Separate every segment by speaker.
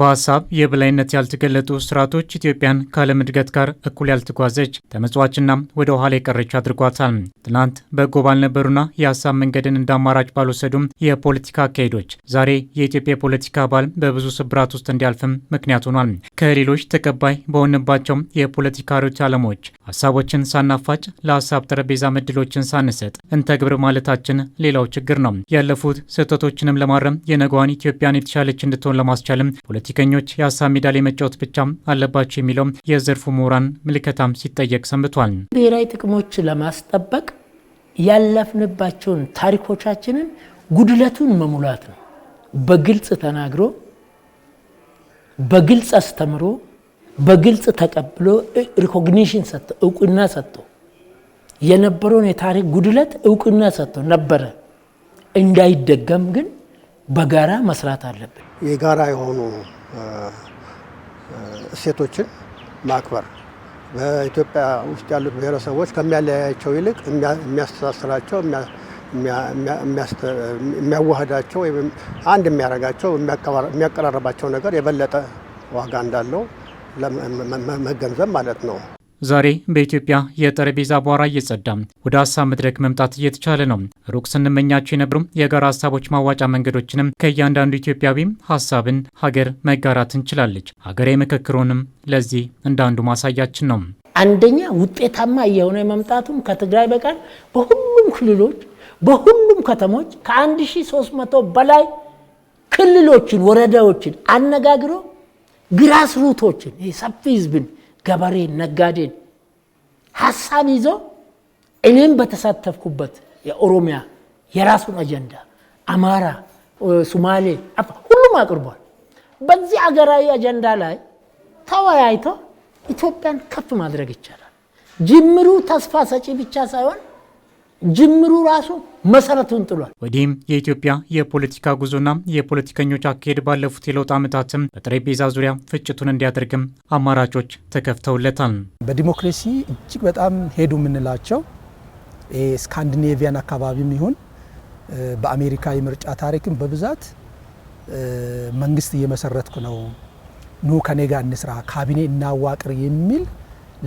Speaker 1: በሀሳብ የበላይነት ያልተገለጡ ስርዓቶች ኢትዮጵያን ከዓለም እድገት ጋር እኩል ያልተጓዘች ተመጽዋችና ወደ ኋላ የቀረች አድርጓታል። ትናንት በጎ ባልነበሩና የሀሳብ መንገድን እንደ አማራጭ ባልወሰዱም የፖለቲካ አካሄዶች ዛሬ የኢትዮጵያ የፖለቲካ አባል በብዙ ስብራት ውስጥ እንዲያልፍም ምክንያት ሆኗል። ከሌሎች ተቀባይ በሆንባቸውም የፖለቲካ ሪዎች ዓለሞች ሀሳቦችን ሳናፋጭ ለሀሳብ ጠረጴዛ እድሎችን ሳንሰጥ እንተግብር ማለታችን ሌላው ችግር ነው። ያለፉት ስህተቶችንም ለማረም የነገዋን ኢትዮጵያን የተሻለች እንድትሆን ለማስቻልም ፖለቲከኞች የሀሳብ ሜዳ ላይ መጫወት ብቻ አለባቸው የሚለውም የዘርፉ ምሁራን ምልከታም ሲጠየቅ ሰንብቷል።
Speaker 2: ብሔራዊ ጥቅሞች ለማስጠበቅ ያለፍንባቸውን ታሪኮቻችንን ጉድለቱን መሙላት ነው። በግልጽ ተናግሮ በግልጽ አስተምሮ በግልጽ ተቀብሎ ሪኮግኒሽን ሰጥቶ እውቅና ሰጥቶ የነበረውን የታሪክ ጉድለት እውቅና ሰጥቶ ነበረ እንዳይደገም ግን በጋራ መስራት አለብን።
Speaker 3: የጋራ የሆኑ እሴቶችን ማክበር በኢትዮጵያ ውስጥ ያሉት ብሔረሰቦች ከሚያለያያቸው ይልቅ የሚያስተሳስራቸው፣ የሚያዋህዳቸው ወይም አንድ የሚያደርጋቸው የሚያቀራረባቸው ነገር የበለጠ ዋጋ እንዳለው መገንዘብ ማለት ነው።
Speaker 1: ዛሬ በኢትዮጵያ የጠረጴዛ አቧራ እየጸዳ ወደ ሀሳብ መድረክ መምጣት እየተቻለ ነው። ሩቅ ስንመኛቸው የነበሩ የጋራ ሀሳቦች ማዋጫ መንገዶችንም ከእያንዳንዱ ኢትዮጵያዊም ሀሳብን ሀገር መጋራት እንችላለች። ሀገራዊ ምክክሩንም ለዚህ እንዳንዱ ማሳያችን ነው።
Speaker 2: አንደኛ ውጤታማ እየሆነ መምጣቱም ከትግራይ በቀር በሁሉም ክልሎች በሁሉም ከተሞች ከ1300 በላይ ክልሎችን፣ ወረዳዎችን አነጋግሮ ግራስሩቶችን ሰፊ ህዝብን ገበሬን፣ ነጋዴን ሀሳብ ይዞ እኔም በተሳተፍኩበት የኦሮሚያ የራሱን አጀንዳ አማራ፣ ሱማሌ፣ ሁሉም አቅርቧል። በዚህ አገራዊ አጀንዳ ላይ ተወያይቶ ኢትዮጵያን ከፍ ማድረግ ይቻላል። ጅምሩ ተስፋ ሰጪ ብቻ ሳይሆን ጅምሩ ራሱ መሰረቱን ጥሏል።
Speaker 1: ወዲህም የኢትዮጵያ የፖለቲካ ጉዞና የፖለቲከኞች አካሄድ ባለፉት የለውጥ ዓመታትም በጠረጴዛ ዙሪያ ፍጭቱን እንዲያደርግም አማራጮች ተከፍተውለታል።
Speaker 4: በዲሞክራሲ እጅግ በጣም ሄዱ የምንላቸው ስካንዲኔቪያን አካባቢም ይሁን በአሜሪካ የምርጫ ታሪክም በብዛት መንግስት እየመሰረትኩ ነው፣ ኑ ከኔ ጋር እንስራ፣ ካቢኔ እናዋቅር የሚል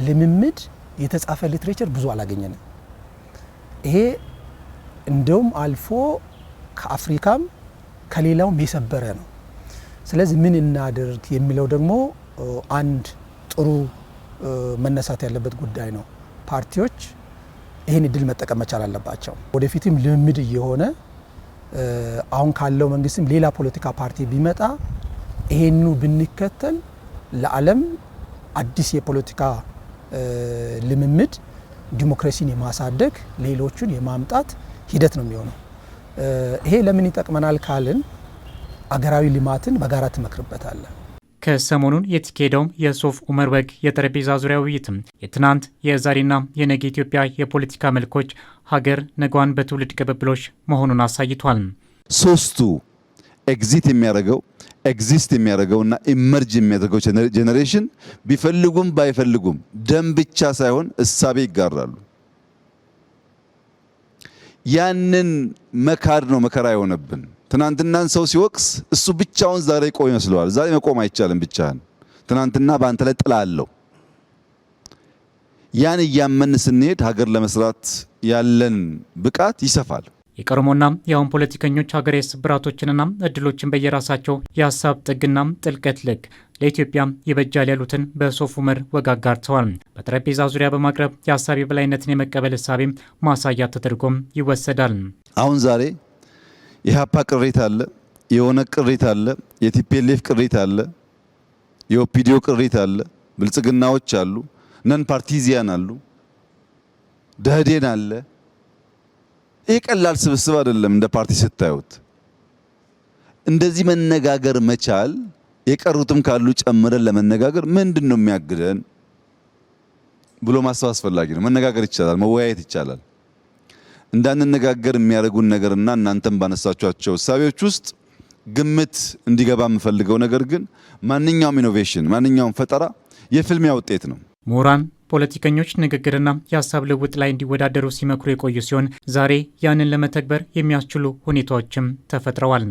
Speaker 4: ልምምድ የተጻፈ ሊትሬቸር ብዙ አላገኘንም። ይሄ እንደውም አልፎ ከአፍሪካም ከሌላውም የሰበረ ነው። ስለዚህ ምን እናድርግ የሚለው ደግሞ አንድ ጥሩ መነሳት ያለበት ጉዳይ ነው። ፓርቲዎች ይህን እድል መጠቀም መቻል አለባቸው። ወደፊትም ልምምድ እየሆነ አሁን ካለው መንግስትም ሌላ ፖለቲካ ፓርቲ ቢመጣ ይሄኑ ብንከተል ለዓለም አዲስ የፖለቲካ ልምምድ ዲሞክራሲን የማሳደግ ሌሎቹን የማምጣት ሂደት ነው የሚሆነው። ይሄ ለምን ይጠቅመናል ካልን አገራዊ ልማትን በጋራ ትመክርበታለን።
Speaker 1: ከሰሞኑን የተካሄደውም የሶፍ ኡመር ወግ የጠረጴዛ ዙሪያ ውይይትም የትናንት የዛሬና የነገ ኢትዮጵያ የፖለቲካ መልኮች ሀገር ነገዋን በትውልድ ቅብብሎች መሆኑን አሳይቷል።
Speaker 5: ሶስቱ ኤግዚት የሚያደርገው ኤግዚስት እና ኢመርጅ የሚያደርገው ጄኔሬሽን ቢፈልጉም ባይፈልጉም ደም ብቻ ሳይሆን እሳቤ ይጋራሉ። ያንን መካድ ነው መከራ የሆነብን። ትናንትናን ሰው ሲወቅስ እሱ ብቻውን ዛሬ ቆይ ይመስለዋል። ዛሬ መቆም አይቻልም ብቻህን። ትናንትና በአንተ ላይ ጥላ አለው። ያን እያመን ስንሄድ ሀገር ለመስራት ያለን ብቃት ይሰፋል።
Speaker 1: የቀድሞና የአሁን ፖለቲከኞች ሀገራዊ ስብራቶችንና እድሎችን በየራሳቸው የሀሳብ ጥግና ጥልቀት ልክ ለኢትዮጵያ ይበጃል ያሉትን በሶፍ ዑመር ወግ አጋርተዋል። በጠረጴዛ ዙሪያ በማቅረብ የሀሳብ የበላይነትን የመቀበል እሳቤም ማሳያ ተደርጎም ይወሰዳል።
Speaker 5: አሁን ዛሬ የሀፓ ቅሪት አለ፣ የሆነ ቅሪት አለ፣ የቲፒኤልኤፍ ቅሪት አለ፣ የኦፒዲዮ ቅሪት አለ፣ ብልጽግናዎች አሉ፣ ነን ፓርቲዚያን አሉ፣ ደህዴን አለ ይህ ቀላል ስብስብ አይደለም። እንደ ፓርቲ ስታዩት እንደዚህ መነጋገር መቻል የቀሩትም ካሉ ጨምረን ለመነጋገር ምንድን ነው የሚያግደን ብሎ ማሰብ አስፈላጊ ነው። መነጋገር ይቻላል፣ መወያየት ይቻላል። እንዳንነጋገር የሚያደርጉን ነገርና እናንተም ባነሳችኋቸው እሳቤዎች ውስጥ ግምት እንዲገባ የምፈልገው ነገር ግን ማንኛውም ኢኖቬሽን ማንኛውም ፈጠራ የፍልሚያ ውጤት ነው።
Speaker 1: ምሁራን ፖለቲከኞች ንግግርና የሀሳብ ልውጥ ላይ እንዲወዳደሩ ሲመክሩ የቆዩ ሲሆን ዛሬ ያንን ለመተግበር የሚያስችሉ ሁኔታዎችም ተፈጥረዋል።